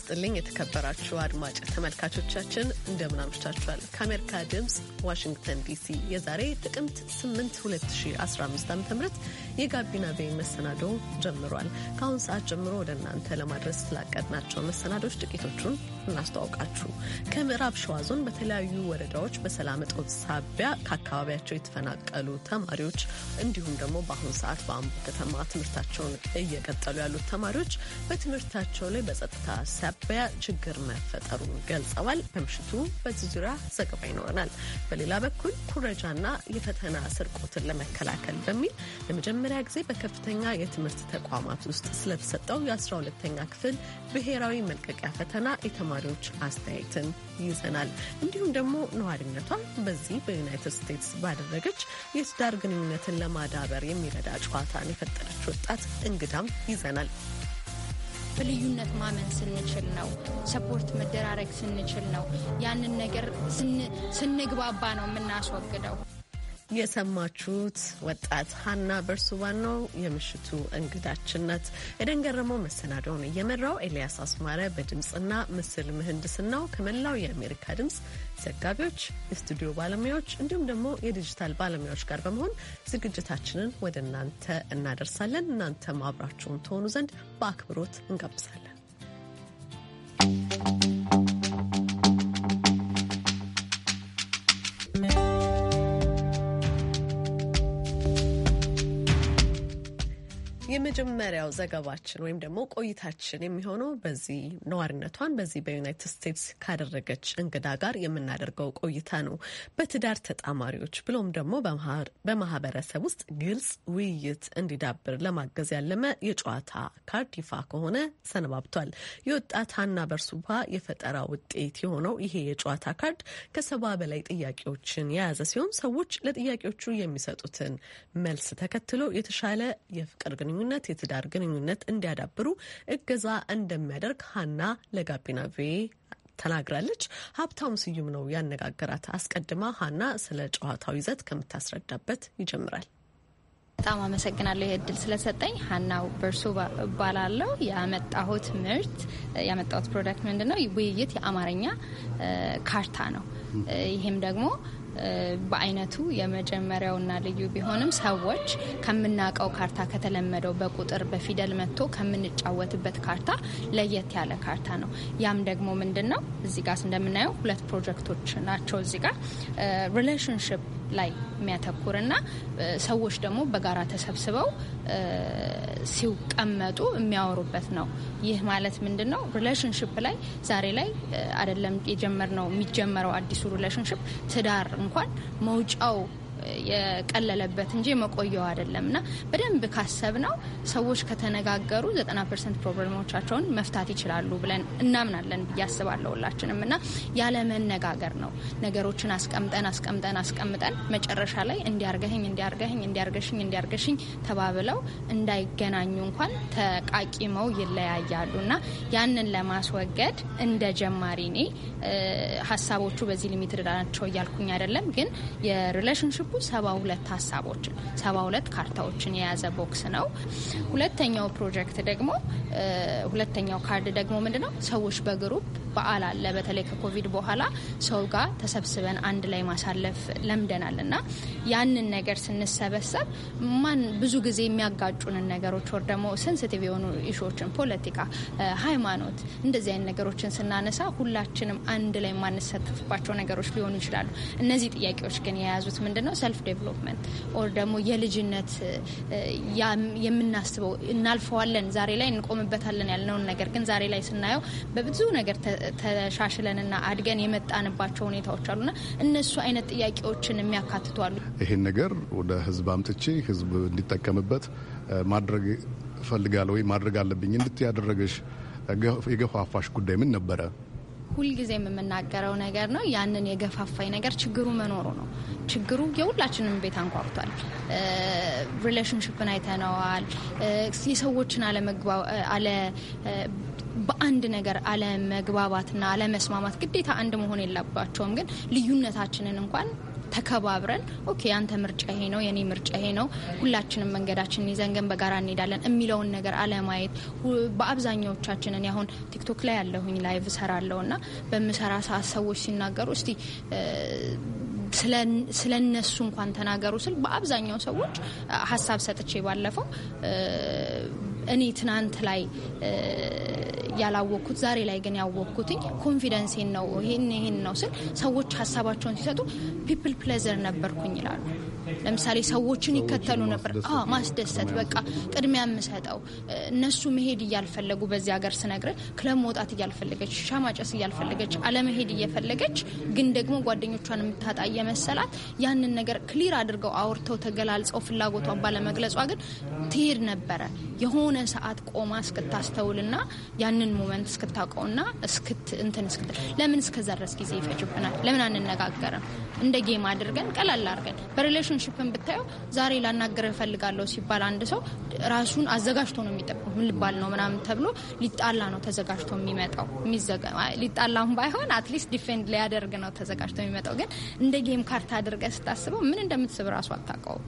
ስጥልኝ የተከበራችሁ አድማጭ ተመልካቾቻችን እንደምን አምሽታችኋል። ከአሜሪካ ድምፅ ዋሽንግተን ዲሲ የዛሬ ጥቅምት 8 2015 ዓ ም የጋቢና ቤ መሰናዶ ጀምሯል። ከአሁን ሰዓት ጀምሮ ወደ እናንተ ለማድረስ ስላቀድናቸው መሰናዶች ጥቂቶቹን እናስተዋውቃችሁ። ከምዕራብ ሸዋ ዞን በተለያዩ ወረዳዎች በሰላም እጦት ሳቢያ ከአካባቢያቸው የተፈናቀሉ ተማሪዎች እንዲሁም ደግሞ በአሁኑ ሰዓት በአምቦ ከተማ ትምህርታቸውን እየቀጠሉ ያሉት ተማሪዎች በትምህርታቸው ላይ በጸጥታ ሳቢያ ችግር መፈጠሩን ገልጸዋል። በምሽቱ በዚህ ዙሪያ ዘገባ ይኖረናል። በሌላ በኩል ኩረጃና የፈተና ስርቆትን ለመከላከል በሚል ለመጀመሪያ ጊዜ በከፍተኛ የትምህርት ተቋማት ውስጥ ስለተሰጠው የ12ተኛ ክፍል ብሔራዊ መልቀቂያ ፈተና የተማ ነዋሪዎች አስተያየትን ይዘናል። እንዲሁም ደግሞ ነዋሪነቷን በዚህ በዩናይትድ ስቴትስ ባደረገች የትዳር ግንኙነትን ለማዳበር የሚረዳ ጨዋታን የፈጠረች ወጣት እንግዳም ይዘናል። በልዩነት ማመን ስንችል ነው፣ ሰፖርት መደራረግ ስንችል ነው፣ ያንን ነገር ስንግባባ ነው የምናስወግደው። የሰማችሁት ወጣት ሀና በርሱባን ነው የምሽቱ እንግዳችን ናት። ኤደን ገረመው መሰናደውን እየመራው፣ ኤልያስ አስማረ በድምፅና ምስል ምህንድስናው ከመላው የአሜሪካ ድምፅ ዘጋቢዎች፣ የስቱዲዮ ባለሙያዎች እንዲሁም ደግሞ የዲጂታል ባለሙያዎች ጋር በመሆን ዝግጅታችንን ወደ እናንተ እናደርሳለን። እናንተም ማብራችሁን ትሆኑ ዘንድ በአክብሮት እንጋብዛለን። የመጀመሪያው ዘገባችን ወይም ደግሞ ቆይታችን የሚሆነው በዚህ ነዋሪነቷን በዚህ በዩናይትድ ስቴትስ ካደረገች እንግዳ ጋር የምናደርገው ቆይታ ነው። በትዳር ተጣማሪዎች ብሎም ደግሞ በማህበረሰብ ውስጥ ግልጽ ውይይት እንዲዳብር ለማገዝ ያለመ የጨዋታ ካርድ ይፋ ከሆነ ሰነባብቷል። የወጣት ሀና በርሱባ የፈጠራ ውጤት የሆነው ይሄ የጨዋታ ካርድ ከሰባ በላይ ጥያቄዎችን የያዘ ሲሆን ሰዎች ለጥያቄዎቹ የሚሰጡትን መልስ ተከትሎ የተሻለ የፍቅር ግንኙነት አይነት የትዳር ግንኙነት እንዲያዳብሩ እገዛ እንደሚያደርግ ሀና ለጋቢና ቪኦኤ ተናግራለች። ሀብታሙ ስዩም ነው ያነጋገራት። አስቀድማ ሀና ስለ ጨዋታው ይዘት ከምታስረዳበት ይጀምራል። በጣም አመሰግናለሁ ይህ እድል ስለሰጠኝ። ሀናው በርሶ እባላለሁ። ያመጣሁት ምርት ያመጣሁት ፕሮዳክት ምንድን ነው? ውይይት የአማርኛ ካርታ ነው። ይህም ደግሞ በአይነቱ የመጀመሪያውና ልዩ ቢሆንም ሰዎች ከምናውቀው ካርታ ከተለመደው በቁጥር በፊደል መጥቶ ከምንጫወትበት ካርታ ለየት ያለ ካርታ ነው። ያም ደግሞ ምንድን ነው? እዚህ ጋር እንደምናየው ሁለት ፕሮጀክቶች ናቸው። እዚህ ጋር ሪሌሽንሽፕ ላይ የሚያተኩርና ሰዎች ደግሞ በጋራ ተሰብስበው ሲቀመጡ የሚያወሩበት ነው። ይህ ማለት ምንድን ነው? ሪሌሽንሽፕ ላይ ዛሬ ላይ አይደለም የጀመርነው የሚጀመረው አዲሱ ሪሌሽንሽፕ ትዳር እንኳን መውጫው የቀለለበት እንጂ መቆየው አይደለም እና በደንብ ካሰብ ነው ሰዎች ከተነጋገሩ ዘጠና ፐርሰንት ፕሮብለሞቻቸውን መፍታት ይችላሉ ብለን እናምናለን ብዬ አስባለሁ ሁላችንም እና ያለመነጋገር ነው ነገሮችን አስቀምጠን አስቀምጠን አስቀምጠን መጨረሻ ላይ እንዲያርገህኝ እንዲያርገህኝ እንዲያርገሽኝ እንዲያርገሽኝ ተባብለው እንዳይገናኙ እንኳን ተቃቂመው ይለያያሉ እና ያንን ለማስወገድ እንደ ጀማሪ እኔ ሀሳቦቹ በዚህ ሊሚትድ ናቸው እያልኩኝ አይደለም፣ ግን የሪሌሽንሽፑ ሰባ ሁለት ሀሳቦችን ሰባ ሁለት ካርታዎችን የያዘ ቦክስ ነው። ሁለተኛው ፕሮጀክት ደግሞ ሁለተኛው ካርድ ደግሞ ምንድ ነው ሰዎች በግሩፕ በዓል አለ። በተለይ ከኮቪድ በኋላ ሰው ጋር ተሰብስበን አንድ ላይ ማሳለፍ ለምደናል እና ያንን ነገር ስንሰበሰብ ማን ብዙ ጊዜ የሚያጋጩንን ነገሮች ወር ደግሞ ሴንስቲቭ የሆኑ ኢሹዎችን ፖለቲካ፣ ሃይማኖት እንደዚህ አይነት ነገሮችን ስናነሳ ሁላችንም አንድ ላይ የማንሳተፍባቸው ነገሮች ሊሆኑ ይችላሉ። እነዚህ ጥያቄዎች ግን የያዙት ምንድን ነው ሰልፍ ዴቨሎፕመንት ኦር ደግሞ የልጅነት የምናስበው እናልፈዋለን፣ ዛሬ ላይ እንቆምበታለን ያልነውን ነገር ግን ዛሬ ላይ ስናየው በብዙ ነገር ተሻሽለንና አድገን የመጣንባቸው ሁኔታዎች አሉና እነሱ አይነት ጥያቄዎችን የሚያካትቱ አሉ። ይህን ነገር ወደ ህዝብ አምጥቼ ህዝብ እንዲጠቀምበት ማድረግ እፈልጋለሁ ወይ ማድረግ አለብኝ እንድት ያደረገሽ የገፋፋሽ ጉዳይ ምን ነበረ? ሁልጊዜ የምናገረው ነገር ነው። ያንን የገፋፋኝ ነገር ችግሩ መኖሩ ነው። ችግሩ የሁላችንም ቤት አንኳኩቷል። ሪሌሽንሽፕን አይተነዋል። የሰዎችን አለ በአንድ ነገር አለመግባባትና አለመስማማት ግዴታ አንድ መሆን የለባቸውም። ግን ልዩነታችንን እንኳን ተከባብረን ኦኬ አንተ ምርጫ ይሄ ነው፣ የኔ ምርጫ ይሄ ነው፣ ሁላችንም መንገዳችንን ይዘን ግን በጋራ እንሄዳለን የሚለውን ነገር አለማየት በአብዛኛዎቻችንን እኔ አሁን ቲክቶክ ላይ ያለሁኝ ላይቭ እሰራለሁ እና በምሰራ ሰዓት ሰዎች ሲናገሩ እስቲ ስለ እነሱ እንኳን ተናገሩ ስል በአብዛኛው ሰዎች ሀሳብ ሰጥቼ ባለፈው እኔ ትናንት ላይ ያላወቅኩት ዛሬ ላይ ግን ያወቅኩትኝ ኮንፊደንሴን ነው። ይህን ይህን ነው ስል ሰዎች ሀሳባቸውን ሲሰጡ ፒፕል ፕሌዘር ነበርኩኝ ይላሉ። ለምሳሌ ሰዎችን ይከተሉ ነበር። ማስደሰት በቃ ቅድሚያ የምሰጠው እነሱ መሄድ እያልፈለጉ በዚህ ሀገር ስነግረ ክለብ መውጣት እያልፈለገች ሻማጨስ እያልፈለገች አለመሄድ እየፈለገች ግን ደግሞ ጓደኞቿን የምታጣ እየመሰላት ያንን ነገር ክሊር አድርገው አውርተው ተገላልጸው ፍላጎቷን ባለመግለጿ ግን ትሄድ ነበረ የሆነ ሰዓት ቆማ እስክታስተውልና ያንን ሞመንት እስክታውቀውና እስክት እንትን እስክትል ለምን እስከዛ ድረስ ጊዜ ይፈጅብናል? ለምን አንነጋገርም? እንደ ጌም አድርገን ቀላል አድርገን በሪሌሽንሽፕን ብታየው ዛሬ ላናገር እፈልጋለሁ ሲባል አንድ ሰው ራሱን አዘጋጅቶ ነው የሚጠብቁ ምን ልባል ነው ምናምን ተብሎ ሊጣላ ነው ተዘጋጅቶ የሚመጣው ሊጣላም ባይሆን አትሊስት ዲፌንድ ሊያደርግ ነው ተዘጋጅቶ የሚመጣው ግን እንደ ጌም ካርታ አድርገ ስታስበው ምን እንደምትስብ ራሱ አታውቀውም።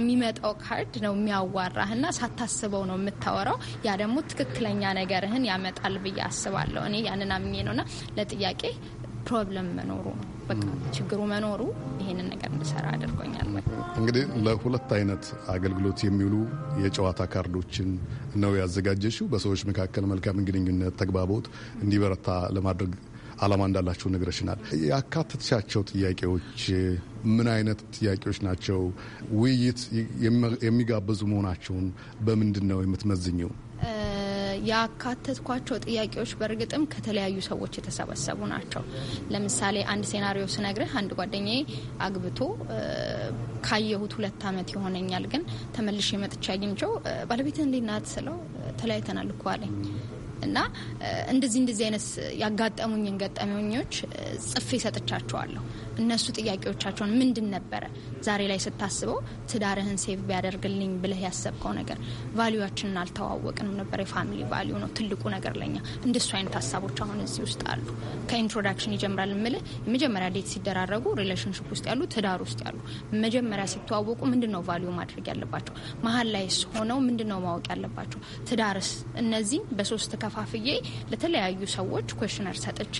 የሚመጣው ካርድ ነው የሚያዋራህና ሳታስበው ነው የምታወራው። ያ ደግሞ ትክክለኛ ነገርህን ያመጣል ብዬ አስባለሁ። እኔ ያንን አምኜ ነውና ለጥያቄ ፕሮብለም መኖሩ ነው በቃ ችግሩ መኖሩ ይሄንን ነገር እንድሰራ አድርጎኛል። እንግዲህ ለሁለት አይነት አገልግሎት የሚውሉ የጨዋታ ካርዶችን ነው ያዘጋጀሽው። በሰዎች መካከል መልካም ግንኙነት፣ ተግባቦት እንዲበረታ ለማድረግ ዓላማ እንዳላቸው ነግረሽናል። ያካተትሻቸው ጥያቄዎች ምን አይነት ጥያቄዎች ናቸው? ውይይት የሚጋብዙ መሆናቸውን በምንድን ነው የምትመዝኘው? ያካተትኳቸው ጥያቄዎች በእርግጥም ከተለያዩ ሰዎች የተሰበሰቡ ናቸው። ለምሳሌ አንድ ሴናሪዮ ስነግርህ አንድ ጓደኛዬ አግብቶ ካየሁት ሁለት አመት ይሆነኛል፣ ግን ተመልሼ መጥቼ አግኝቼው ባለቤት እንዴት ናት ስለው ተለያይተናል እኮ አለኝ። እና እንደዚህ እንደዚህ አይነት ያጋጠሙኝን ገጠመኞች ጽፌ ሰጥቻቸዋለሁ። እነሱ ጥያቄዎቻቸውን ምንድን ነበረ ዛሬ ላይ ስታስበው ትዳርህን ሴቭ ቢያደርግልኝ ብለህ ያሰብከው ነገር ቫሊዋችንን አልተዋወቅንም ነበር። የፋሚሊ ቫሊዩ ነው ትልቁ ነገር ለኛ። እንደሱ አይነት ሀሳቦች አሁን እዚህ ውስጥ አሉ። ከኢንትሮዳክሽን ይጀምራል ምልህ የመጀመሪያ ዴት ሲደራረጉ ሪሌሽንሽፕ ውስጥ ያሉ ትዳር ውስጥ ያሉ መጀመሪያ ሲተዋወቁ ምንድን ነው ቫሊዩ ማድረግ ያለባቸው? መሀል ላይስ ሆነው ምንድን ነው ማወቅ ያለባቸው? ትዳርስ? እነዚህ በሶስት ከፋፍዬ ለተለያዩ ሰዎች ኮሽነር ሰጥቼ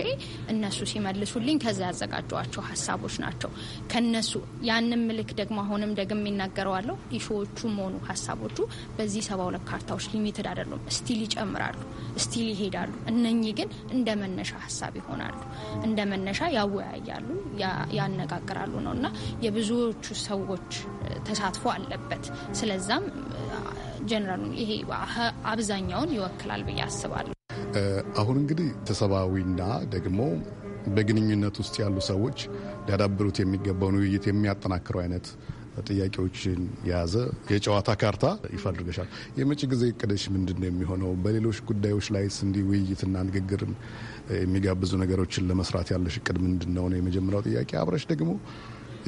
እነሱ ሲመልሱልኝ ከዛ ያዘጋጀዋቸው ሀሳብ ሀሳቦች ናቸው። ከነሱ ያንን ምልክ ደግሞ አሁንም ደግም ይናገረዋለሁ ኢሹዎቹም ሆኑ ሀሳቦቹ በዚህ ሰባ ሁለት ካርታዎች ሊሚትድ አይደሉም። ስቲል ይጨምራሉ፣ ስቲል ይሄዳሉ። እነኚህ ግን እንደ መነሻ ሀሳብ ይሆናሉ፣ እንደ መነሻ ያወያያሉ፣ ያነጋግራሉ ነው እና የብዙዎቹ ሰዎች ተሳትፎ አለበት። ስለዛም ጀነራሉ ይሄ አብዛኛውን ይወክላል ብዬ አስባለሁ። አሁን እንግዲህ ተሰባዊና ደግሞ በግንኙነት ውስጥ ያሉ ሰዎች ሊያዳብሩት የሚገባውን ውይይት የሚያጠናክረው አይነት ጥያቄዎችን የያዘ የጨዋታ ካርታ ይፈልገሻል። የመጪ ጊዜ እቅደሽ ምንድን ነው የሚሆነው? በሌሎች ጉዳዮች ላይ እንዲህ ውይይትና ንግግርን የሚጋብዙ ነገሮችን ለመስራት ያለሽ እቅድ ምንድን ነው ነው የመጀመሪያው ጥያቄ። አብረሽ ደግሞ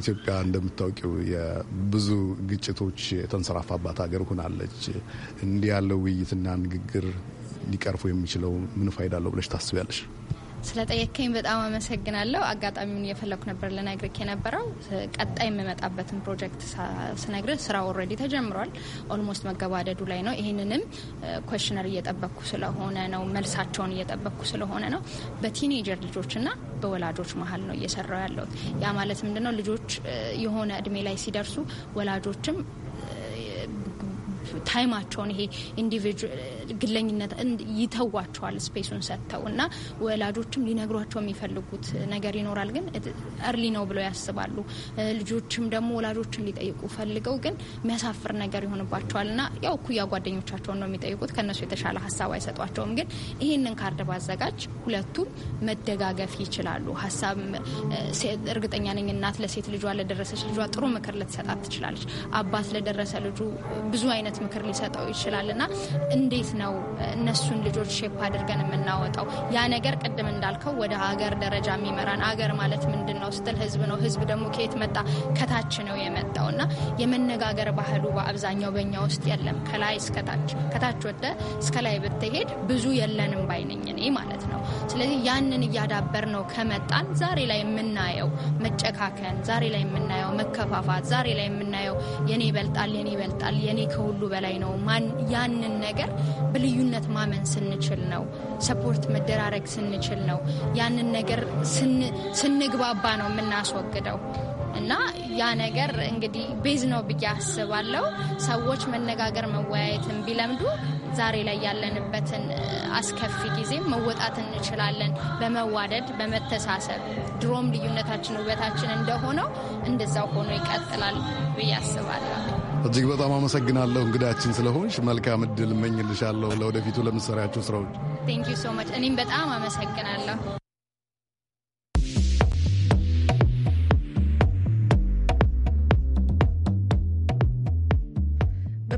ኢትዮጵያ እንደምታውቂው የብዙ ግጭቶች የተንሰራፋባት ሀገር ሆናለች። እንዲህ ያለው ውይይትና ንግግር ሊቀርፉ የሚችለው ምን ፋይዳ አለው ብለሽ ታስቢያለሽ? ስለጠየከኝ በጣም አመሰግናለሁ። አጋጣሚውን እየፈለኩ ነበር ልነግርክ የነበረው። ቀጣይ የምመጣበትን ፕሮጀክት ስነግር ስራ ኦልሬዲ ተጀምሯል። ኦልሞስት መገባደዱ ላይ ነው። ይህንንም ኮሽነር እየጠበቅኩ ስለሆነ ነው፣ መልሳቸውን እየጠበቅኩ ስለሆነ ነው። በቲኔጀር ልጆችና በወላጆች መሀል ነው እየሰራው ያለሁት። ያ ማለት ምንድነው ልጆች የሆነ እድሜ ላይ ሲደርሱ ወላጆችም ታይማቸውን ይሄ ኢንዲቪጁዋል ግለኝነት ይተዋቸዋል ስፔሱን ሰጥተው እና ወላጆችም ሊነግሯቸው የሚፈልጉት ነገር ይኖራል፣ ግን እርሊ ነው ብለው ያስባሉ። ልጆችም ደግሞ ወላጆችን ሊጠይቁ ፈልገው ግን የሚያሳፍር ነገር ይሆንባቸዋል እና ያው እኩያ ጓደኞቻቸውን ነው የሚጠይቁት። ከእነሱ የተሻለ ሀሳብ አይሰጧቸውም። ግን ይህንን ካርድ ባዘጋጅ ሁለቱም መደጋገፍ ይችላሉ። ሀሳብ እርግጠኛ ነኝ እናት ለሴት ልጇ ለደረሰች ልጇ ጥሩ ምክር ልትሰጣት ትችላለች። አባት ለደረሰ ልጁ ብዙ አይነት ምክር ሊሰጠው ይችላል እና እንዴት ነው እነሱን ልጆች ሼፕ አድርገን የምናወጣው? ያ ነገር ቅድም እንዳልከው ወደ ሀገር ደረጃ የሚመራን ሀገር ማለት ምንድን ነው ስትል ህዝብ ነው። ህዝብ ደግሞ ከየት መጣ? ከታች ነው የመጣው እና የመነጋገር ባህሉ በአብዛኛው በኛ ውስጥ የለም። ከላይ እስከታች ከታች ወደ እስከ ላይ ብትሄድ ብዙ የለንም ባይነኝ እኔ ማለት ነው። ስለዚህ ያንን እያዳበር ነው ከመጣን ዛሬ ላይ የምናየው መጨካከን፣ ዛሬ ላይ የምናየው መከፋፋት፣ ዛሬ ላይ የምናየው የኔ ይበልጣል፣ የኔ ይበልጣል፣ የኔ ከሁሉ በላይ ነው። ያንን ነገር በልዩነት ማመን ስንችል ነው። ሰፖርት መደራረግ ስንችል ነው። ያንን ነገር ስንግባባ ነው የምናስወግደው። እና ያ ነገር እንግዲህ ቤዝ ነው ብዬ አስባለሁ። ሰዎች መነጋገር መወያየትን ቢለምዱ ዛሬ ላይ ያለንበትን አስከፊ ጊዜ መወጣት እንችላለን። በመዋደድ በመተሳሰብ ድሮም ልዩነታችን ውበታችን እንደሆነው እንደዛው ሆኖ ይቀጥላል ብዬ አስባለሁ። እጅግ በጣም አመሰግናለሁ እንግዳችን ስለሆንሽ። መልካም እድል እመኝልሻለሁ ለወደፊቱ ለምሰሪያቸው ስራዎች። ቴንክ ዩ ሶ ማች። እኔም በጣም አመሰግናለሁ።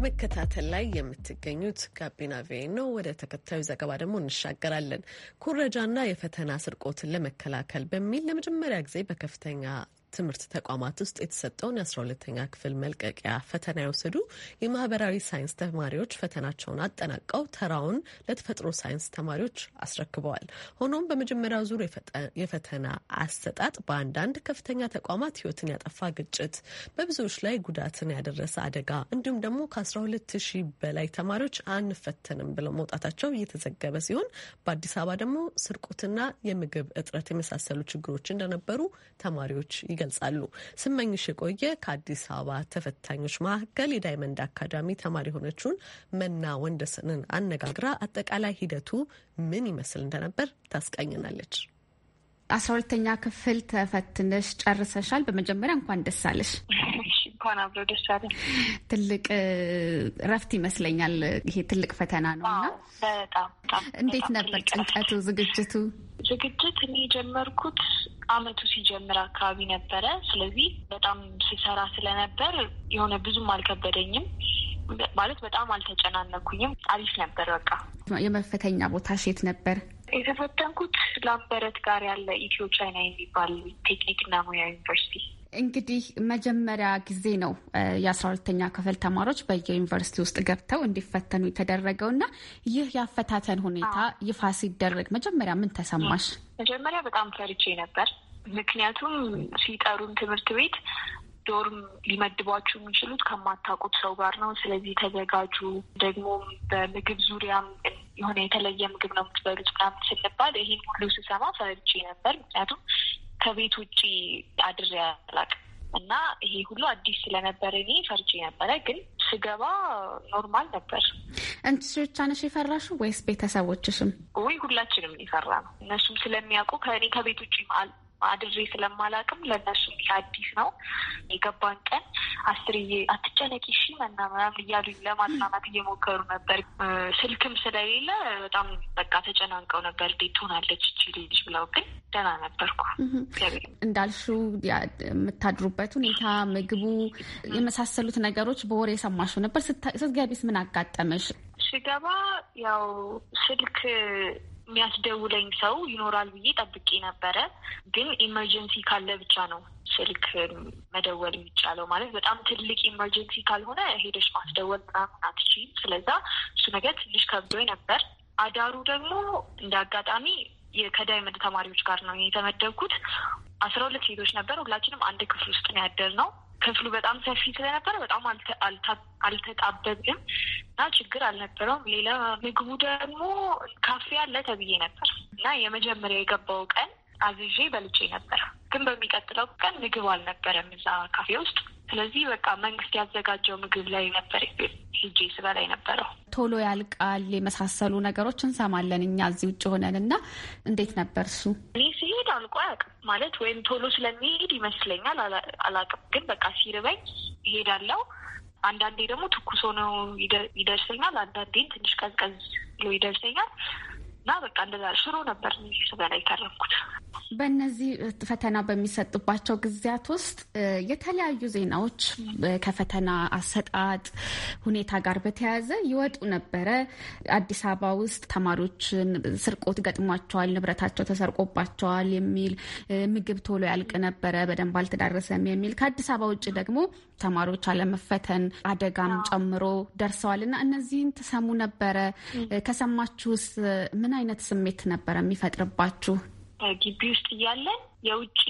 በመከታተል ላይ የምትገኙት ጋቢና ቪ ነው። ወደ ተከታዩ ዘገባ ደግሞ እንሻገራለን። ኩረጃና የፈተና ስርቆትን ለመከላከል በሚል ለመጀመሪያ ጊዜ በከፍተኛ ትምህርት ተቋማት ውስጥ የተሰጠውን የ12ተኛ ክፍል መልቀቂያ ፈተና የወሰዱ የማህበራዊ ሳይንስ ተማሪዎች ፈተናቸውን አጠናቀው ተራውን ለተፈጥሮ ሳይንስ ተማሪዎች አስረክበዋል። ሆኖም በመጀመሪያው ዙር የፈተና አሰጣጥ በአንዳንድ ከፍተኛ ተቋማት ህይወትን ያጠፋ ግጭት፣ በብዙዎች ላይ ጉዳትን ያደረሰ አደጋ እንዲሁም ደግሞ ከ12 ሺህ በላይ ተማሪዎች አንፈተንም ብለው መውጣታቸው እየተዘገበ ሲሆን በአዲስ አበባ ደግሞ ስርቆትና የምግብ እጥረት የመሳሰሉ ችግሮች እንደነበሩ ተማሪዎች ይገልጻሉ። ስመኝሽ የቆየ ከአዲስ አበባ ተፈታኞች መካከል የዳይመንድ አካዳሚ ተማሪ የሆነችውን መና ወንደሰንን አነጋግራ አጠቃላይ ሂደቱ ምን ይመስል እንደነበር ታስቃኝናለች። አስራ ሁለተኛ ክፍል ተፈትነሽ ጨርሰሻል። በመጀመሪያ እንኳን ደስ አለሽ። እንኳን አብሮ ደስ ትልቅ እረፍት ይመስለኛል። ይሄ ትልቅ ፈተና ነው እና በጣም እንዴት ነበር ጭንቀቱ፣ ዝግጅቱ? ዝግጅት እኔ የጀመርኩት አመቱ ሲጀምር አካባቢ ነበረ። ስለዚህ በጣም ስሰራ ስለነበር የሆነ ብዙም አልከበደኝም ማለት በጣም አልተጨናነኩኝም። አሪፍ ነበር። በቃ የመፈተኛ ቦታ ሴት ነበር የተፈተንኩት ላምበረት ጋር ያለ ኢትዮ ቻይና የሚባል ቴክኒክና ሙያ ዩኒቨርሲቲ። እንግዲህ መጀመሪያ ጊዜ ነው የአስራ ሁለተኛ ክፍል ተማሪዎች በየዩኒቨርሲቲ ውስጥ ገብተው እንዲፈተኑ የተደረገው እና ይህ ያፈታተን ሁኔታ ይፋ ሲደረግ መጀመሪያ ምን ተሰማሽ? መጀመሪያ በጣም ፈርቼ ነበር። ምክንያቱም ሲጠሩን ትምህርት ቤት ዶርም ሊመድቧችሁ የሚችሉት ከማታውቁት ሰው ጋር ነው። ስለዚህ ተዘጋጁ። ደግሞ በምግብ ዙሪያም የሆነ የተለየ ምግብ ነው የምትበሉት ምናምን ስንባል ይሄን ሁሉ ስሰማ ፈርቼ ነበር። ምክንያቱም ከቤት ውጭ አድሬ አላውቅም። እና ይሄ ሁሉ አዲስ ስለነበረ እኔ ፈርቼ ነበረ፣ ግን ስገባ ኖርማል ነበር። አንቺ ብቻ ነሽ የፈራሹ ወይስ ቤተሰቦችሽም? ወይ ሁላችንም የፈራ ነው። እነሱም ስለሚያውቁ ከእኔ ከቤት ውጭ አድሬ ስለማላቅም ለእነሱ አዲስ ነው። የገባን ቀን አስርዬ አትጨነቂ እሺ መናምናም እያሉኝ ለማጽናናት እየሞከሩ ነበር። ስልክም ስለሌለ በጣም በቃ ተጨናንቀው ነበር። እንዴት ትሆናለች እቺ ልጅ ብለው፣ ግን ደህና ነበርኩ። እንዳልሹ የምታድሩበት ሁኔታ፣ ምግቡ፣ የመሳሰሉት ነገሮች በወሬ የሰማሽው ነበር። ስትገቢስ ምን አጋጠመሽ? ስገባ ያው ስልክ የሚያስደውለኝ ሰው ይኖራል ብዬ ጠብቄ ነበረ። ግን ኢመርጀንሲ ካለ ብቻ ነው ስልክ መደወል የሚቻለው። ማለት በጣም ትልቅ ኢመርጀንሲ ካልሆነ ሄደሽ ማስደወል በጣም አትችይም። ስለዛ እሱ ነገር ትንሽ ከብዶኝ ነበር። አዳሩ ደግሞ እንደ አጋጣሚ ከዳይመንድ ተማሪዎች ጋር ነው የተመደብኩት። አስራ ሁለት ሴቶች ነበር። ሁላችንም አንድ ክፍል ውስጥ ነው ያደር ነው ክፍሉ በጣም ሰፊ ስለነበረ በጣም አልተጣበብም እና ችግር አልነበረውም። ሌላ ምግቡ ደግሞ ካፌ አለ ተብዬ ነበር እና የመጀመሪያ የገባው ቀን አዝዤ በልቼ ነበር። ግን በሚቀጥለው ቀን ምግብ አልነበረም እዛ ካፌ ውስጥ ስለዚህ በቃ መንግስት ያዘጋጀው ምግብ ላይ ነበር ሄጄ ስበላ የነበረው። ቶሎ ያልቃል የመሳሰሉ ነገሮች እንሰማለን እኛ እዚህ ውጭ ሆነን እና እንዴት ነበር እሱ? እኔ ሲሄድ አልቆ አያውቅም ማለት ወይም ቶሎ ስለሚሄድ ይመስለኛል አላውቅም፣ ግን በቃ ሲርበኝ ይሄዳለው። አንዳንዴ ደግሞ ትኩስ ሆኖ ይደርሰኛል፣ አንዳንዴም ትንሽ ቀዝቀዝ ብሎ ይደርሰኛል። እና በቃ እንደዛ ሽሮ ነበር ስበላ የተረፍኩት። በእነዚህ ፈተና በሚሰጥባቸው ጊዜያት ውስጥ የተለያዩ ዜናዎች ከፈተና አሰጣጥ ሁኔታ ጋር በተያያዘ ይወጡ ነበረ። አዲስ አበባ ውስጥ ተማሪዎችን ስርቆት ገጥሟቸዋል፣ ንብረታቸው ተሰርቆባቸዋል የሚል ምግብ ቶሎ ያልቅ ነበረ፣ በደንብ አልተዳረሰም የሚል ከአዲስ አበባ ውጭ ደግሞ ተማሪዎች አለመፈተን አደጋም ጨምሮ ደርሰዋል እና እነዚህን ትሰሙ ነበረ ከሰማችሁስ ምን አይነት ስሜት ነበር የሚፈጥርባችሁ? ግቢ ውስጥ እያለን የውጭ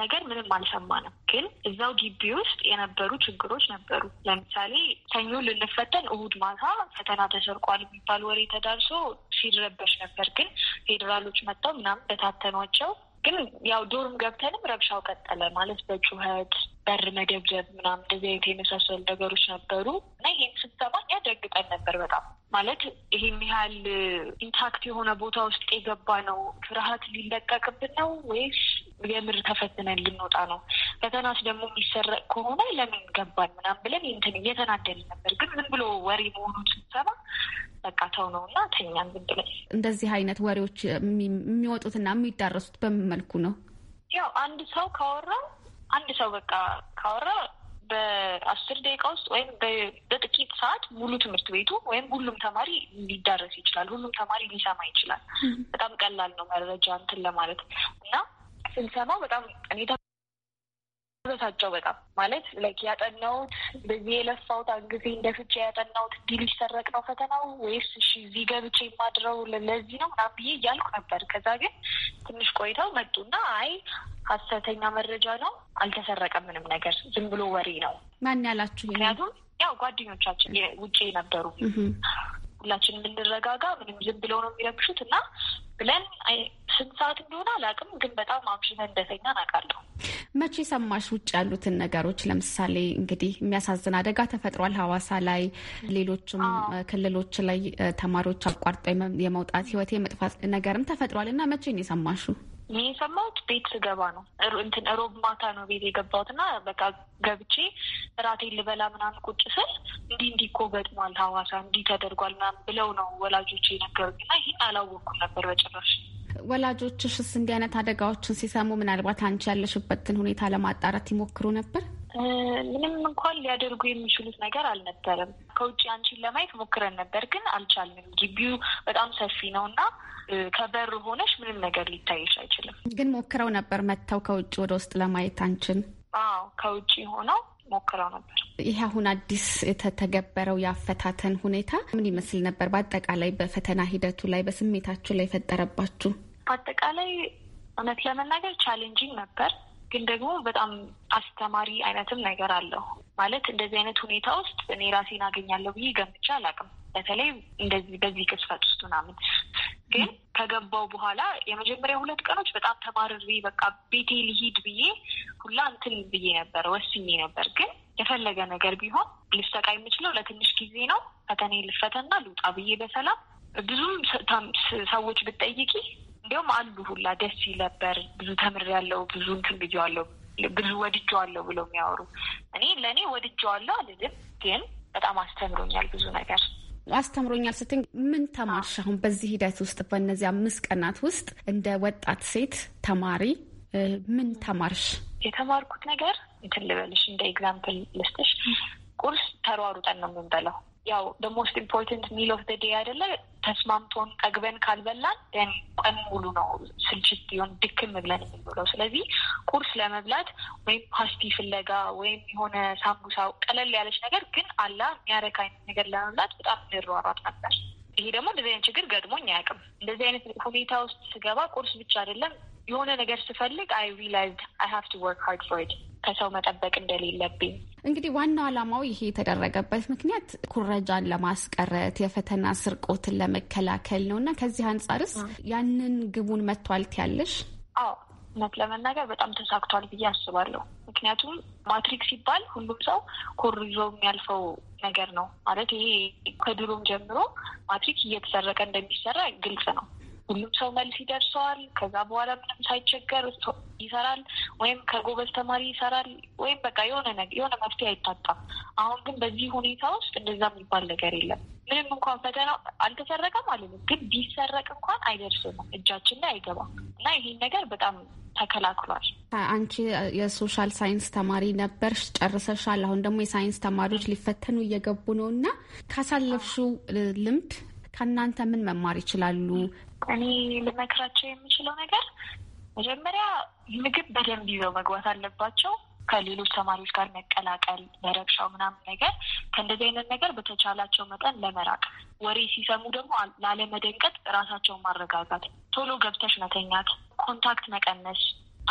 ነገር ምንም አልሰማንም፣ ግን እዛው ግቢ ውስጥ የነበሩ ችግሮች ነበሩ። ለምሳሌ ሰኞ ልንፈተን እሁድ ማታ ፈተና ተሰርቋል የሚባል ወሬ ተዳርሶ ሲረበሽ ነበር። ግን ፌዴራሎች መጥተው ምናምን በታተኗቸው። ግን ያው ዶርም ገብተንም ረብሻው ቀጠለ ማለት በጩኸት በር መደብደብ ምናምን እንደዚህ አይነት የመሳሰሉ ነገሮች ነበሩ እና ይሄን ስንሰማኝ ያደግጠን ነበር በጣም ማለት ይሄን ያህል ኢንታክት የሆነ ቦታ ውስጥ የገባ ነው። ፍርሃት ሊለቀቅብን ነው ወይስ የምር ተፈትነን ልንወጣ ነው? ፈተናስ ደግሞ የሚሰረቅ ከሆነ ለምን ገባን ምናምን ብለን እንትን እየተናደድን ነበር። ግን ዝም ብሎ ወሬ መሆኑን ስንሰማ በቃ ተው ነው እና ተኛን ዝም ብለን። እንደዚህ አይነት ወሬዎች የሚወጡትና የሚዳረሱት በምን መልኩ ነው? ያው አንድ ሰው ካወራው አንድ ሰው በቃ ካወራ በአስር ደቂቃ ውስጥ ወይም በጥቂት ሰዓት ሙሉ ትምህርት ቤቱ ወይም ሁሉም ተማሪ ሊዳረስ ይችላል። ሁሉም ተማሪ ሊሰማ ይችላል። በጣም ቀላል ነው መረጃ እንትን ለማለት እና ስንሰማው በጣም እኔ በሳቸው በጣም ማለት ላይክ ያጠናውት በዚህ የለፋውት አንጊዜ እንደፍቼ ያጠናውት ዲል ይሰረቅ ነው ፈተናው ወይስ እሺ እዚህ ገብቼ የማድረው ለዚህ ነው ምናምን ብዬ እያልኩ ነበር። ከዛ ግን ትንሽ ቆይተው መጡና አይ ሀሰተኛ መረጃ ነው አልተሰረቀም፣ ምንም ነገር ዝም ብሎ ወሬ ነው። ማን ያላችሁ? ምክንያቱም ያው ጓደኞቻችን ውጭ ነበሩ ሁላችንም እንረጋጋ፣ ምንም ዝም ብለው ነው የሚረብሹት እና ብለን ስንት ሰዓት እንደሆነ አላውቅም፣ ግን በጣም አምሽተን እንደተኛ አውቃለሁ። መቼ ሰማሽ ውጭ ያሉትን ነገሮች? ለምሳሌ እንግዲህ የሚያሳዝን አደጋ ተፈጥሯል ሐዋሳ ላይ፣ ሌሎችም ክልሎች ላይ ተማሪዎች አቋርጠው የመውጣት ህይወት የመጥፋት ነገርም ተፈጥሯል እና መቼ ነው የሰማሹ? ይህ የሰማሁት ቤት ስገባ ነው። እንትን ሮብ ማታ ነው ቤት የገባሁት እና በቃ ገብቼ እራቴን ልበላ ምናምን ቁጭ ስል እንዲህ እንዲህ እኮ ገጥሟል፣ ሐዋሳ እንዲህ ተደርጓል ምናምን ብለው ነው ወላጆች የነገሩኝ እና ይህን አላወቅኩም ነበር በጭራሽ። ወላጆችሽስ እንዲህ አይነት አደጋዎችን ሲሰሙ ምናልባት አንቺ ያለሽበትን ሁኔታ ለማጣራት ይሞክሩ ነበር? ምንም እንኳን ሊያደርጉ የሚችሉት ነገር አልነበረም። ከውጭ አንቺን ለማየት ሞክረን ነበር፣ ግን አልቻልንም። ግቢው በጣም ሰፊ ነው እና ከበር ሆነሽ ምንም ነገር ሊታይሽ አይችልም። ግን ሞክረው ነበር መጥተው ከውጭ ወደ ውስጥ ለማየት አንቺን። አዎ ከውጭ ሆነው ሞክረው ነበር። ይህ አሁን አዲስ የተተገበረው የአፈታተን ሁኔታ ምን ይመስል ነበር? በአጠቃላይ በፈተና ሂደቱ ላይ በስሜታችሁ ላይ የፈጠረባችሁ? በአጠቃላይ እውነት ለመናገር ቻሌንጂንግ ነበር ግን ደግሞ በጣም አስተማሪ አይነትም ነገር አለው። ማለት እንደዚህ አይነት ሁኔታ ውስጥ እኔ ራሴን አገኛለሁ ብዬ ገምቼ አላውቅም። በተለይ እንደዚህ በዚህ ቅስፈት ውስጥ ምናምን ግን ከገባው በኋላ የመጀመሪያ ሁለት ቀኖች በጣም ተማርሬ በቃ ቤቴ ልሂድ ብዬ ሁላ እንትን ብዬ ነበር ወስኜ ነበር። ግን የፈለገ ነገር ቢሆን ልሰቃ የምችለው ለትንሽ ጊዜ ነው፣ ፈተኔ ልፈተና ልውጣ ብዬ በሰላም ብዙም ሰዎች ብጠይቂ እንዲሁም አሉ ሁላ ደስ ይል ነበር ብዙ ተምሬያለሁ ብዙ እንትን ብዬዋለሁ ብዙ ወድጄዋለሁ ብለው የሚያወሩ እኔ ለእኔ ወድጄዋለሁ አልልም፣ ግን በጣም አስተምሮኛል ብዙ ነገር አስተምሮኛል ስትኝ ምን ተማርሽ? አሁን በዚህ ሂደት ውስጥ በእነዚህ አምስት ቀናት ውስጥ እንደ ወጣት ሴት ተማሪ ምን ተማርሽ? የተማርኩት ነገር እንትን ልበልሽ፣ እንደ ኤግዛምፕል ልስጥሽ። ቁርስ ተሯሩጠን ነው የምንበላው ያው ሞስት ኢምፖርተንት ሚል ኦፍ ዴ አይደለ ተስማምቶን ጠግበን ካልበላን ደን ቀን ሙሉ ነው ስልችት ቢሆን ድክም ብለን የምንውለው። ስለዚህ ቁርስ ለመብላት ወይም ፓስቲ ፍለጋ ወይም የሆነ ሳምቡሳ ቀለል ያለች ነገር ግን አላ የሚያረካ አይነት ነገር ለመብላት በጣም እንሯሯጥ ነበር። ይሄ ደግሞ እንደዚህ አይነት ችግር ገጥሞኝ አያውቅም። እንደዚህ አይነት ሁኔታ ውስጥ ስገባ ቁርስ ብቻ አይደለም የሆነ ነገር ስፈልግ አይ ሪላይዝድ አይ ሀቭ ቱ ወርክ ሃርድ ፎር ኢት ከሰው መጠበቅ እንደሌለብኝ። እንግዲህ ዋናው ዓላማው ይሄ የተደረገበት ምክንያት ኩረጃን ለማስቀረት የፈተና ስርቆትን ለመከላከል ነው እና ከዚህ አንጻርስ ያንን ግቡን መቷል ትያለሽ? አዎ እውነት ለመናገር በጣም ተሳክቷል ብዬ አስባለሁ። ምክንያቱም ማትሪክ ሲባል ሁሉም ሰው ይዞ የሚያልፈው ነገር ነው ማለት ይሄ ከድሮም ጀምሮ ማትሪክ እየተሰረቀ እንደሚሰራ ግልጽ ነው። ሁሉም ሰው መልስ ይደርሰዋል። ከዛ በኋላ ምንም ሳይቸገር ይሰራል፣ ወይም ከጎበዝ ተማሪ ይሰራል፣ ወይም በቃ የሆነ ነገር የሆነ መፍትሄ አይታጣም። አሁን ግን በዚህ ሁኔታ ውስጥ እንደዛ የሚባል ነገር የለም። ምንም እንኳን ፈተና አልተሰረቀም ነው ግን ቢሰረቅ እንኳን አይደርስም፣ እጃችን ላይ አይገባም እና ይሄን ነገር በጣም ተከላክሏል። አንቺ የሶሻል ሳይንስ ተማሪ ነበርሽ፣ ጨርሰሻል። አሁን ደግሞ የሳይንስ ተማሪዎች ሊፈተኑ እየገቡ ነው እና ካሳለፍሽው ልምድ ከእናንተ ምን መማር ይችላሉ? እኔ ልመክራቸው የምችለው ነገር መጀመሪያ ምግብ በደንብ ይዘው መግባት አለባቸው። ከሌሎች ተማሪዎች ጋር መቀላቀል፣ በረብሻው ምናምን ነገር ከእንደዚህ አይነት ነገር በተቻላቸው መጠን ለመራቅ፣ ወሬ ሲሰሙ ደግሞ ላለመደንቀጥ፣ ራሳቸውን ማረጋጋት፣ ቶሎ ገብተሽ መተኛት፣ ኮንታክት መቀነስ፣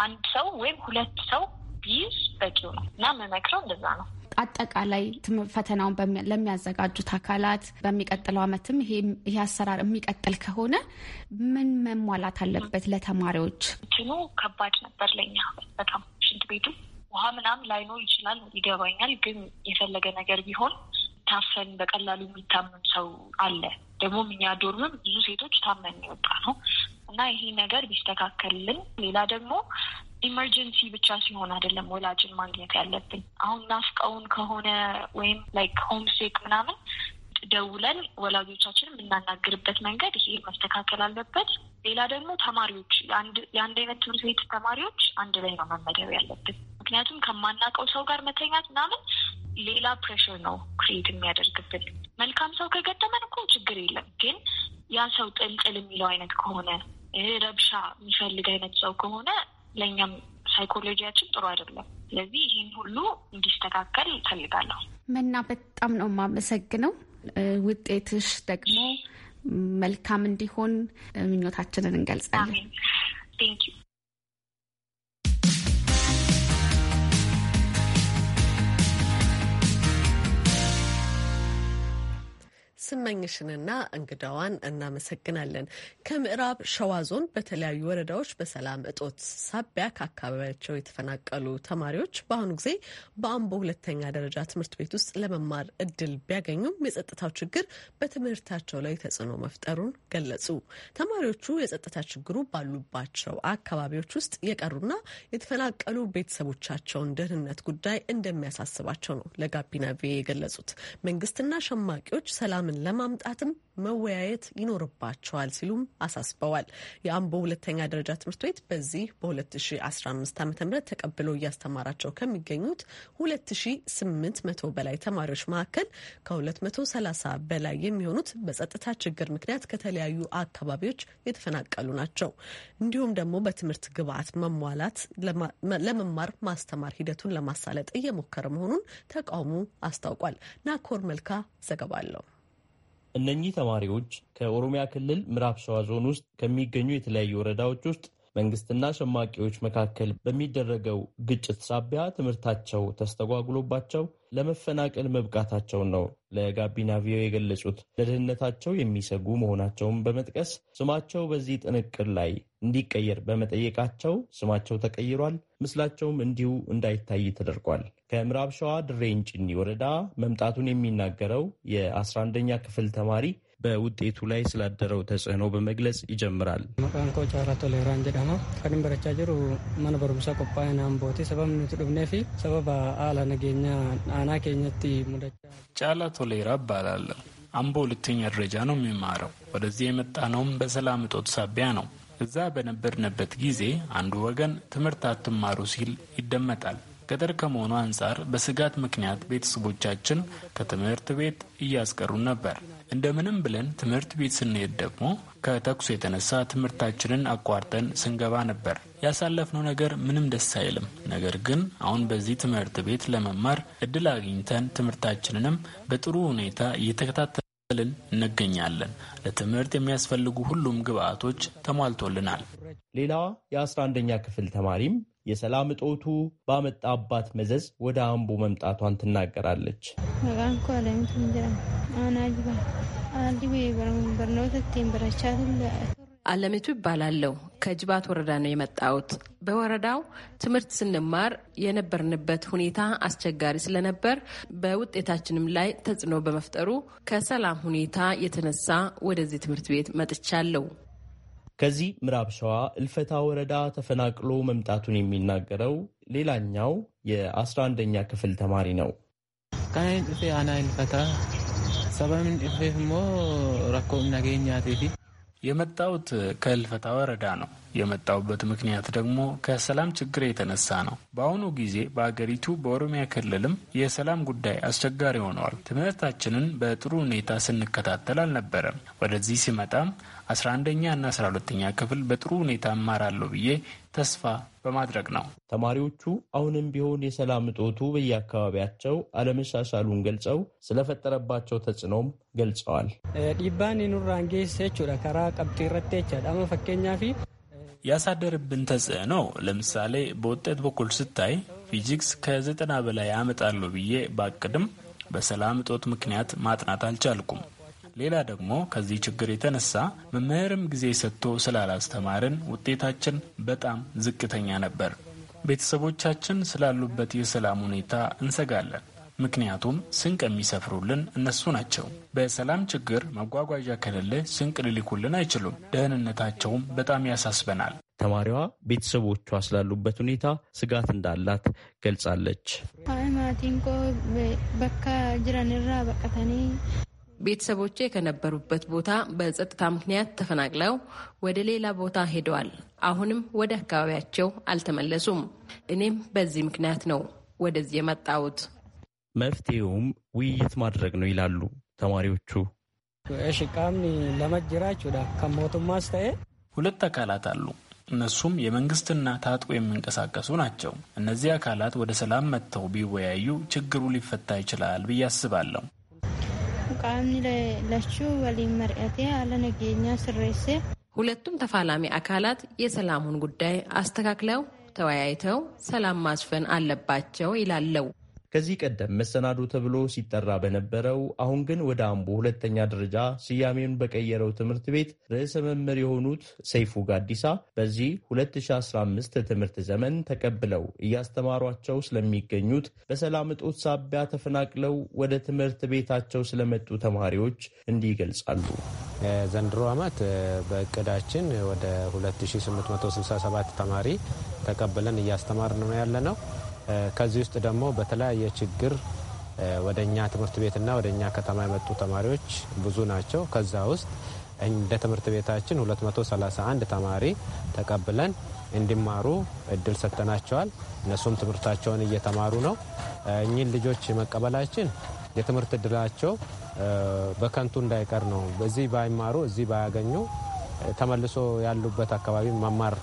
አንድ ሰው ወይም ሁለት ሰው ቢይዝ በቂ ነው እና የምመክረው እንደዛ ነው። አጠቃላይ ፈተናውን ለሚያዘጋጁት አካላት በሚቀጥለው ዓመትም ይሄ አሰራር የሚቀጥል ከሆነ ምን መሟላት አለበት? ለተማሪዎች እንትኑ ከባድ ነበር ለኛ በጣም ሽንት ቤቱ ውሃ ምናምን ላይኖር ይችላል ይገባኛል። ግን የፈለገ ነገር ቢሆን ታፈን በቀላሉ የሚታመም ሰው አለ። ደግሞ እኛ ዶርምም ብዙ ሴቶች ታመን የወጣ ነው እና ይሄ ነገር ቢስተካከልልን። ሌላ ደግሞ ኢመርጀንሲ ብቻ ሲሆን አይደለም ወላጅን ማግኘት ያለብን። አሁን ናፍቀውን ከሆነ ወይም ላይክ ሆምሴክ ምናምን ደውለን ወላጆቻችን የምናናግርበት መንገድ ይሄ መስተካከል አለበት። ሌላ ደግሞ ተማሪዎች የአንድ አይነት ትምህርት ቤት ተማሪዎች አንድ ላይ ነው መመደብ ያለብን። ምክንያቱም ከማናውቀው ሰው ጋር መተኛት ምናምን ሌላ ፕሬሽር ነው ክሬት የሚያደርግብን። መልካም ሰው ከገጠመን እኮ ችግር የለም። ግን ያ ሰው ጥልጥል የሚለው አይነት ከሆነ ረብሻ የሚፈልግ አይነት ሰው ከሆነ ለእኛም ሳይኮሎጂያችን ጥሩ አይደለም። ስለዚህ ይህን ሁሉ እንዲስተካከል ይፈልጋለሁ። መና በጣም ነው የማመሰግነው። ውጤትሽ ደግሞ መልካም እንዲሆን ምኞታችንን እንገልጻለን። ስመኝሽንና እንግዳዋን እናመሰግናለን። ከምዕራብ ሸዋ ዞን በተለያዩ ወረዳዎች በሰላም እጦት ሳቢያ ከአካባቢያቸው የተፈናቀሉ ተማሪዎች በአሁኑ ጊዜ በአምቦ ሁለተኛ ደረጃ ትምህርት ቤት ውስጥ ለመማር እድል ቢያገኙም የጸጥታው ችግር በትምህርታቸው ላይ ተጽዕኖ መፍጠሩን ገለጹ። ተማሪዎቹ የጸጥታ ችግሩ ባሉባቸው አካባቢዎች ውስጥ የቀሩና የተፈናቀሉ ቤተሰቦቻቸውን ደህንነት ጉዳይ እንደሚያሳስባቸው ነው ለጋቢና ቪኦኤ የገለጹት። መንግስትና ሸማቂዎች ሰላምን ለማምጣትም መወያየት ይኖርባቸዋል ሲሉም አሳስበዋል። የአምቦ ሁለተኛ ደረጃ ትምህርት ቤት በዚህ በ2015 ዓ ም ተቀብሎ እያስተማራቸው ከሚገኙት 2800 በላይ ተማሪዎች መካከል ከ230 በላይ የሚሆኑት በጸጥታ ችግር ምክንያት ከተለያዩ አካባቢዎች የተፈናቀሉ ናቸው። እንዲሁም ደግሞ በትምህርት ግብዓት መሟላት ለመማር ማስተማር ሂደቱን ለማሳለጥ እየሞከረ መሆኑን ተቃውሞ አስታውቋል። ናኮር መልካ ዘገባ አለው። እነኚህ ተማሪዎች ከኦሮሚያ ክልል ምዕራብ ሸዋ ዞን ውስጥ ከሚገኙ የተለያዩ ወረዳዎች ውስጥ መንግስትና ሸማቂዎች መካከል በሚደረገው ግጭት ሳቢያ ትምህርታቸው ተስተጓጉሎባቸው ለመፈናቀል መብቃታቸውን ነው ለጋቢና ቪዮ የገለጹት። ለደህንነታቸው የሚሰጉ መሆናቸውን በመጥቀስ ስማቸው በዚህ ጥንቅር ላይ እንዲቀየር በመጠየቃቸው ስማቸው ተቀይሯል፣ ምስላቸውም እንዲሁ እንዳይታይ ተደርጓል። ከምዕራብ ሸዋ ድሬ እንጭኒ ወረዳ መምጣቱን የሚናገረው የ11ኛ ክፍል ተማሪ በውጤቱ ላይ ስላደረው ተጽዕኖ በመግለጽ ይጀምራል። ጫላ ቶሌራ እባላለሁ። አምቦ ሁለተኛ ደረጃ ነው የሚማረው። ወደዚህ የመጣ ነውም በሰላም እጦት ሳቢያ ነው። እዛ በነበርንበት ጊዜ አንዱ ወገን ትምህርት አትማሩ ሲል ይደመጣል። ገጠር ከመሆኑ አንጻር በስጋት ምክንያት ቤተሰቦቻችን ከትምህርት ቤት እያስቀሩን ነበር። እንደምንም ብለን ትምህርት ቤት ስንሄድ ደግሞ ከተኩሱ የተነሳ ትምህርታችንን አቋርጠን ስንገባ ነበር። ያሳለፍነው ነገር ምንም ደስ አይልም። ነገር ግን አሁን በዚህ ትምህርት ቤት ለመማር እድል አግኝተን ትምህርታችንንም በጥሩ ሁኔታ እየተከታተልን እንገኛለን። ለትምህርት የሚያስፈልጉ ሁሉም ግብዓቶች ተሟልቶልናል። ሌላዋ የአስራ አንደኛ ክፍል ተማሪም የሰላም እጦቱ ባመጣባት መዘዝ ወደ አምቦ መምጣቷን ትናገራለች። አለሚቱ ይባላለሁ። ከጅባት ወረዳ ነው የመጣሁት። በወረዳው ትምህርት ስንማር የነበርንበት ሁኔታ አስቸጋሪ ስለነበር በውጤታችንም ላይ ተጽዕኖ በመፍጠሩ ከሰላም ሁኔታ የተነሳ ወደዚህ ትምህርት ቤት መጥቻለሁ። ከዚህ ምዕራብ ሸዋ እልፈታ ወረዳ ተፈናቅሎ መምጣቱን የሚናገረው ሌላኛው የ11ኛ ክፍል ተማሪ ነው። የመጣውት ከእልፈታ ወረዳ ነው። የመጣውበት ምክንያት ደግሞ ከሰላም ችግር የተነሳ ነው። በአሁኑ ጊዜ በአገሪቱ በኦሮሚያ ክልልም የሰላም ጉዳይ አስቸጋሪ ሆነዋል። ትምህርታችንን በጥሩ ሁኔታ ስንከታተል አልነበረም። ወደዚህ ሲመጣም 11ኛ እና 12ኛ ክፍል በጥሩ ሁኔታ እማራለሁ ብዬ ተስፋ በማድረግ ነው። ተማሪዎቹ አሁንም ቢሆን የሰላም እጦቱ በየአካባቢያቸው አለመሻሻሉን ገልጸው ስለፈጠረባቸው ተጽዕኖም ገልጸዋል። ዲባን ኑራንጌ ሴቹ ከራ ቀብጢ ረቴቻ ዳመ ፈኬኛ ፊ ያሳደርብን ተጽዕኖ ለምሳሌ በውጤት በኩል ስታይ ፊዚክስ ከዘጠና በላይ አመጣለሁ ብዬ ባቅድም በሰላም እጦት ምክንያት ማጥናት አልቻልኩም። ሌላ ደግሞ ከዚህ ችግር የተነሳ መምህርም ጊዜ ሰጥቶ ስላላስተማርን ውጤታችን በጣም ዝቅተኛ ነበር። ቤተሰቦቻችን ስላሉበት የሰላም ሁኔታ እንሰጋለን። ምክንያቱም ስንቅ የሚሰፍሩልን እነሱ ናቸው። በሰላም ችግር መጓጓዣ ከሌለ ስንቅ ሊልኩልን አይችሉም። ደህንነታቸውም በጣም ያሳስበናል። ተማሪዋ ቤተሰቦቿ ስላሉበት ሁኔታ ስጋት እንዳላት ገልጻለች። ማቲንቆ በካ ጅረንራ በቀተኔ ቤተሰቦቼ ከነበሩበት ቦታ በጸጥታ ምክንያት ተፈናቅለው ወደ ሌላ ቦታ ሄደዋል። አሁንም ወደ አካባቢያቸው አልተመለሱም። እኔም በዚህ ምክንያት ነው ወደዚህ የመጣሁት። መፍትሄውም ውይይት ማድረግ ነው ይላሉ ተማሪዎቹ። ሁለት አካላት አሉ። እነሱም የመንግስትና ታጥቆ የሚንቀሳቀሱ ናቸው። እነዚህ አካላት ወደ ሰላም መጥተው ቢወያዩ ችግሩ ሊፈታ ይችላል ብዬ አስባለሁ። ቃሚ ለቹ ወሊ መርአቴ አለነገኛ ሁለቱም ተፋላሚ አካላት የሰላሙን ጉዳይ አስተካክለው ተወያይተው ሰላም ማስፈን አለባቸው ይላለው ከዚህ ቀደም መሰናዶ ተብሎ ሲጠራ በነበረው አሁን ግን ወደ አምቦ ሁለተኛ ደረጃ ስያሜውን በቀየረው ትምህርት ቤት ርዕሰ መምህር የሆኑት ሰይፉ ጋዲሳ በዚህ 2015 ትምህርት ዘመን ተቀብለው እያስተማሯቸው ስለሚገኙት በሰላም እጦት ሳቢያ ተፈናቅለው ወደ ትምህርት ቤታቸው ስለመጡ ተማሪዎች እንዲህ ይገልጻሉ። ዘንድሮ ዓመት በእቅዳችን ወደ 2867 ተማሪ ተቀብለን እያስተማር ነው ያለ ነው። ከዚህ ውስጥ ደግሞ በተለያየ ችግር ወደ እኛ ትምህርት ቤትና ወደ እኛ ከተማ የመጡ ተማሪዎች ብዙ ናቸው። ከዛ ውስጥ እንደ ትምህርት ቤታችን 231 ተማሪ ተቀብለን እንዲማሩ እድል ሰጥተናቸዋል። እነሱም ትምህርታቸውን እየተማሩ ነው። እኚህን ልጆች መቀበላችን የትምህርት እድላቸው በከንቱ እንዳይቀር ነው። እዚህ ባይማሩ እዚህ ባያገኙ ተመልሶ ያሉበት አካባቢ መማር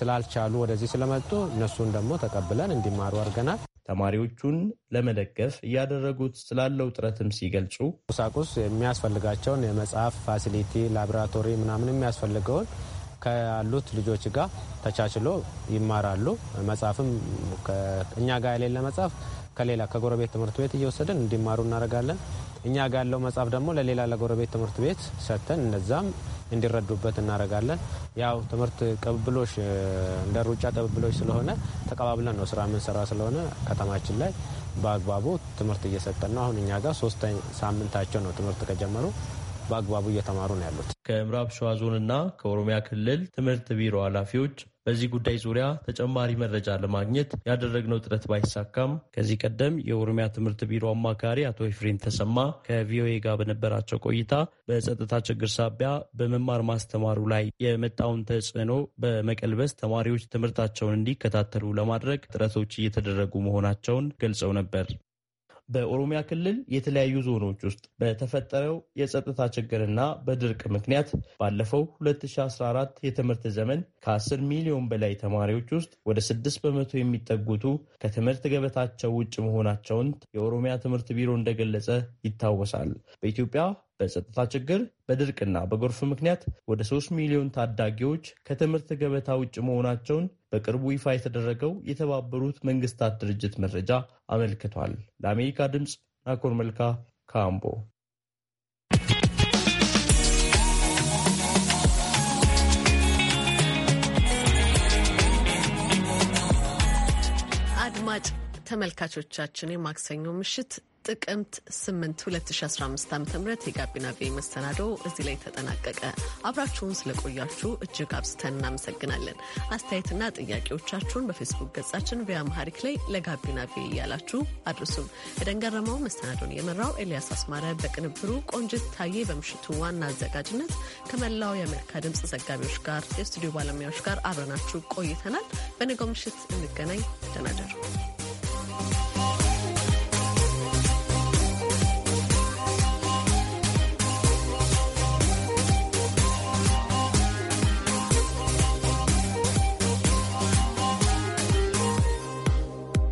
ስላልቻሉ ወደዚህ ስለመጡ እነሱን ደግሞ ተቀብለን እንዲማሩ አድርገናል። ተማሪዎቹን ለመደገፍ እያደረጉት ስላለው ጥረትም ሲገልጹ ቁሳቁስ የሚያስፈልጋቸውን የመጽሐፍ ፋሲሊቲ፣ ላቦራቶሪ ምናምን የሚያስፈልገውን ከያሉት ልጆች ጋር ተቻችሎ ይማራሉ። መጽሐፍም እኛ ጋር የሌለ መጽሐፍ ከሌላ ከጎረቤት ትምህርት ቤት እየወሰድን እንዲማሩ እናደርጋለን። እኛ ጋር ያለው መጽሐፍ ደግሞ ለሌላ ለጎረቤት ትምህርት ቤት ሰጥተን እነዛም እንዲረዱበት እናደርጋለን። ያው ትምህርት ቅብብሎሽ እንደ ሩጫ ቅብብሎች ስለሆነ ተቀባብለን ነው ስራ የምንሰራ ስለሆነ ከተማችን ላይ በአግባቡ ትምህርት እየሰጠን ነው። አሁን እኛ ጋር ሶስት ሳምንታቸው ነው ትምህርት ከጀመሩ በአግባቡ እየተማሩ ነው ያሉት። ከምዕራብ ሸዋ ዞንና ከኦሮሚያ ክልል ትምህርት ቢሮ ኃላፊዎች በዚህ ጉዳይ ዙሪያ ተጨማሪ መረጃ ለማግኘት ያደረግነው ጥረት ባይሳካም ከዚህ ቀደም የኦሮሚያ ትምህርት ቢሮ አማካሪ አቶ ኤፍሬም ተሰማ ከቪኦኤ ጋር በነበራቸው ቆይታ በጸጥታ ችግር ሳቢያ በመማር ማስተማሩ ላይ የመጣውን ተጽዕኖ በመቀልበስ ተማሪዎች ትምህርታቸውን እንዲከታተሉ ለማድረግ ጥረቶች እየተደረጉ መሆናቸውን ገልጸው ነበር። በኦሮሚያ ክልል የተለያዩ ዞኖች ውስጥ በተፈጠረው የጸጥታ ችግርና በድርቅ ምክንያት ባለፈው 2014 የትምህርት ዘመን ከ10 ሚሊዮን በላይ ተማሪዎች ውስጥ ወደ 6 በመቶ የሚጠጉቱ ከትምህርት ገበታቸው ውጭ መሆናቸውን የኦሮሚያ ትምህርት ቢሮ እንደገለጸ ይታወሳል። በኢትዮጵያ በጸጥታ ችግር በድርቅና በጎርፍ ምክንያት ወደ 3 ሚሊዮን ታዳጊዎች ከትምህርት ገበታ ውጭ መሆናቸውን በቅርቡ ይፋ የተደረገው የተባበሩት መንግስታት ድርጅት መረጃ አመልክቷል። ለአሜሪካ ድምፅ ናኮር መልካ ካምቦ። አድማጭ ተመልካቾቻችን የማክሰኞ ምሽት ጥቅምት 8 2015 ዓ ም የጋቢና ቤ መሰናዶ እዚህ ላይ ተጠናቀቀ። አብራችሁን ስለቆያችሁ እጅግ አብዝተን እናመሰግናለን። አስተያየትና ጥያቄዎቻችሁን በፌስቡክ ገጻችን ቪያ መሐሪክ ላይ ለጋቢና ቤ እያላችሁ አድርሱም። የደንገረመው መሰናዶን የመራው ኤልያስ አስማረ፣ በቅንብሩ ቆንጅት ታዬ፣ በምሽቱ ዋና አዘጋጅነት ከመላው የአሜሪካ ድምፅ ዘጋቢዎች ጋር የስቱዲዮ ባለሙያዎች ጋር አብረናችሁ ቆይተናል። በነገው ምሽት እንገናኝ። ደህና እደሩ።